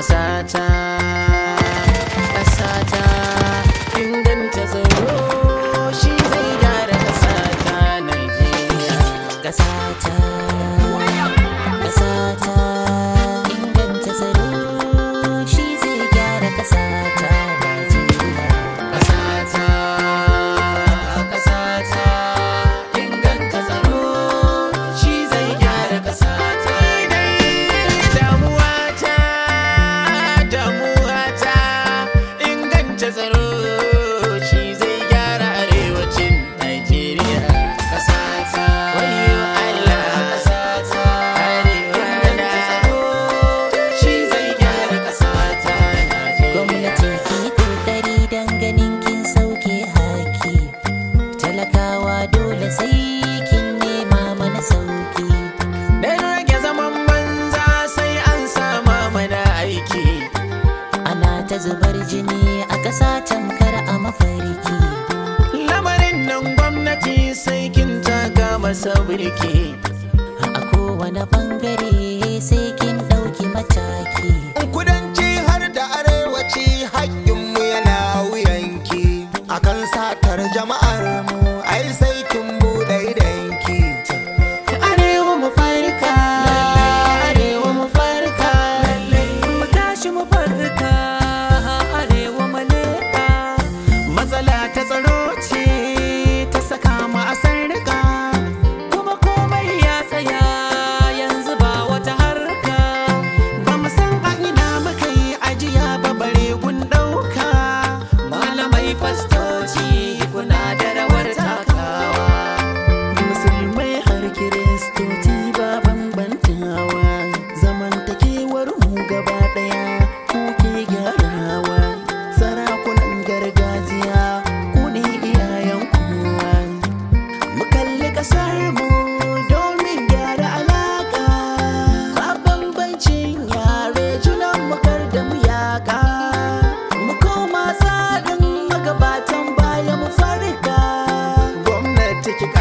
kasata kingdom inganta tsaro shi zai gyara kasata Najeriya kasata jini a ƙasa tamkar a mafarki lamarin nan gwamnati sai kin taka masa birki a kowane bangare sai kin ɗauki mataki kudanci har da arewaci hakkinmu yana wuyanki akan satar jama'ar mu ai sai kin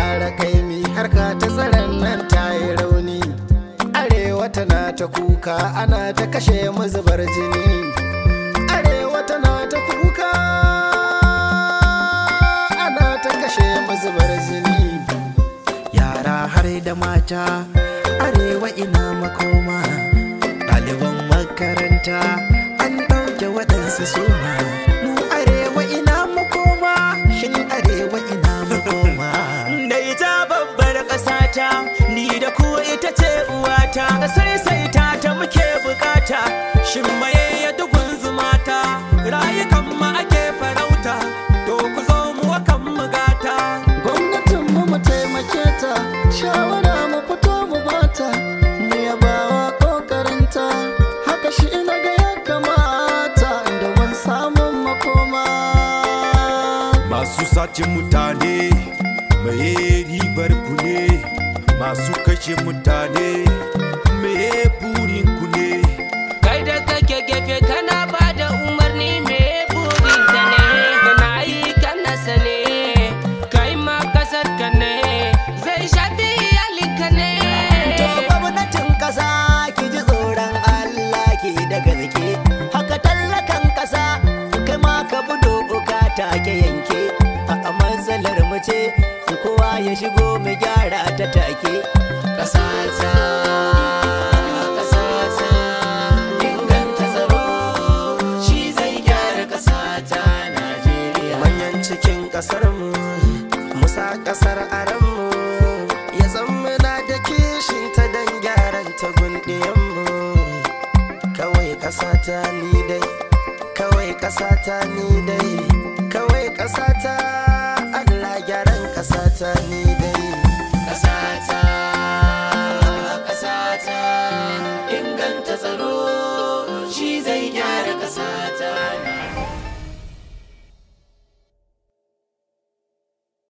ƙara kaimi harka ta tsaron nan ta yi rauni arewa tana ta kuka ana ta kashe mu jini arewa tana ta kuka ana ta kashe mu jini yara har da mata arewa ina makoma ɗaliban makaranta an ɗauke waɗansu suma ta saisaita ta muke bukata shin maye ya dugun zumata rayukan mu ake farauta to ku zo mu wakan mu gata gwamnatin mu mu taimake ta shawara mu fito mu bata mu yabawa kokarin ta haka shi ina ga ya kamata da ban samun makoma masu sace mutane maye masu kashe mutane me ya shigo mu gyara ta take ƙasata ƙasata inganta tsaro shi zai gyara ƙasata najeriya manyan cikin ƙasarmu musa ƙasar aranmu ya zammana da ta don gyara ta gundiyan mu. kawai ƙasata ni dai kawai ƙasata ni dai a tasarruf